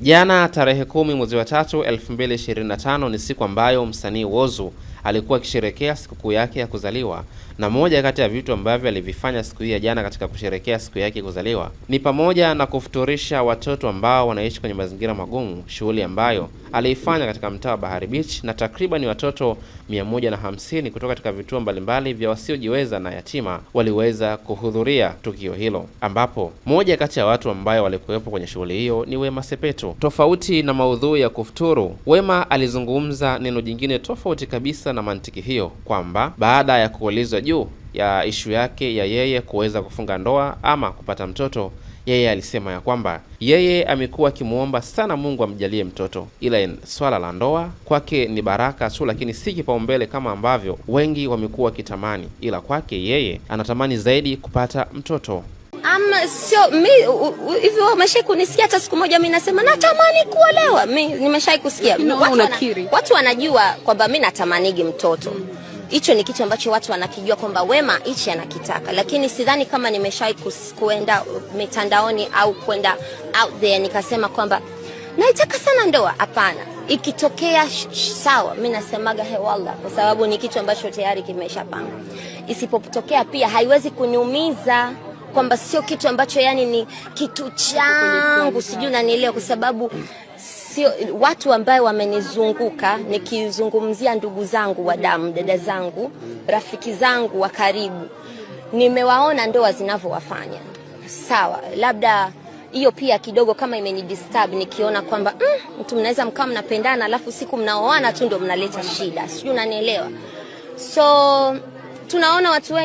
Jana tarehe kumi mwezi wa tatu 2025 ni siku ambayo msanii Whozu alikuwa akisherehekea sikukuu yake ya kuzaliwa na moja kati ya vitu ambavyo alivifanya siku hii ya jana katika kusherekea siku yake kuzaliwa ni pamoja na kufuturisha watoto ambao wanaishi kwenye mazingira magumu, shughuli ambayo aliifanya katika mtaa wa Bahari Beach na takriban watoto 150 kutoka katika vituo mbalimbali vya wasiojiweza na yatima waliweza kuhudhuria tukio hilo, ambapo moja kati ya watu ambayo walikuwepo kwenye shughuli hiyo ni Wema Sepetu. Tofauti na maudhui ya kufuturu, Wema alizungumza neno jingine tofauti kabisa na mantiki hiyo, kwamba baada ya kuulizwa juu ya ishu yake ya yeye kuweza kufunga ndoa ama kupata mtoto, yeye alisema ya kwamba yeye amekuwa akimwomba sana Mungu amjalie mtoto, ila swala la ndoa kwake ni baraka tu, lakini si kipaumbele kama ambavyo wengi wamekuwa wakitamani, ila kwake yeye anatamani zaidi kupata mtoto. Um, sio mi hivyo, umeshai kunisikia hata siku moja mimi nasema natamani kuolewa? Mi nimeshai kusikia no, watu, wana, watu wanajua kwamba mi natamanigi mtoto mm hicho ni kitu ambacho watu wanakijua kwamba Wema hichi anakitaka, lakini sidhani kama nimeshawahi kuenda uh, mitandaoni au kwenda out there nikasema kwamba naitaka sana ndoa. Hapana, ikitokea sawa, mimi nasemaga he wallah, kwa sababu ni kitu ambacho tayari kimeshapanga. Isipotokea pia haiwezi kuniumiza kwamba sio kitu ambacho yani ni kitu changu, sijui unanielewa, kwa sababu sio watu ambao wamenizunguka, nikizungumzia ndugu zangu wa damu, dada zangu, rafiki zangu wa karibu, nimewaona ndoa zinavyowafanya. Sawa, labda hiyo pia kidogo kama imenidisturb nikiona kwamba mm, mtu mnaweza mkawa mnapendana alafu siku mnaoana tu ndo mnaleta shida, sijui unanielewa. So tunaona watu wengi